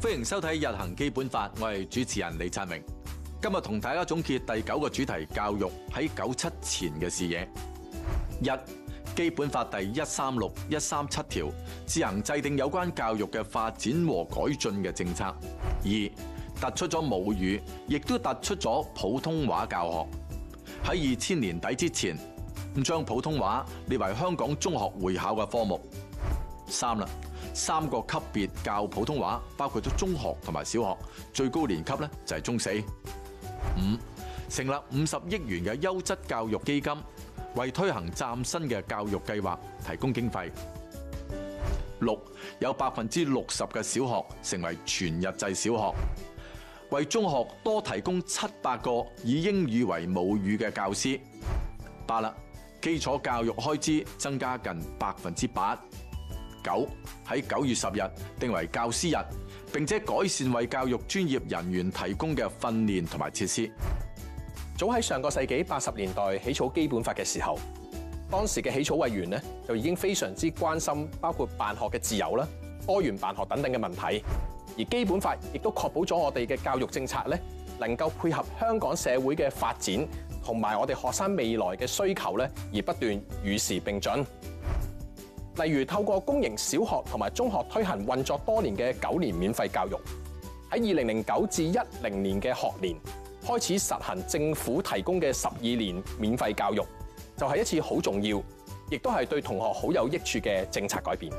歡迎收睇《日行基本法》，我係主持人李燦榮。今日同大家總結第九個主題——教育喺九七前嘅視野。一、基本法第一三六、一三七條，自行制定有關教育嘅發展和改進嘅政策。二、突出咗母語，亦都突出咗普通話教學。喺二千年底之前，咁將普通話列為香港中學會考嘅科目。三啦。三個級別教普通話，包括咗中學同埋小學，最高年級咧就係中四。五，成立五十億元嘅優質教育基金，為推行嶄新嘅教育計劃提供經費。六，有百分之六十嘅小學成為全日制小學，為中學多提供七百個以英語為母語嘅教師。八啦，基礎教育開支增加近百分之八。九喺九月十日定為教師日，並且改善為教育專業人員提供嘅訓練同埋設施。早喺上個世紀八十年代起草基本法嘅時候，當時嘅起草委員呢就已經非常之關心包括辦學嘅自由啦、多元辦學等等嘅問題。而基本法亦都確保咗我哋嘅教育政策呢能夠配合香港社會嘅發展同埋我哋學生未來嘅需求呢，而不斷與時並進。例如，透過公營小學同埋中學推行運作多年嘅九年免費教育，喺二零零九至一零年嘅學年開始實行政府提供嘅十二年免費教育，就係一次好重要，亦都係對同學好有益處嘅政策改變。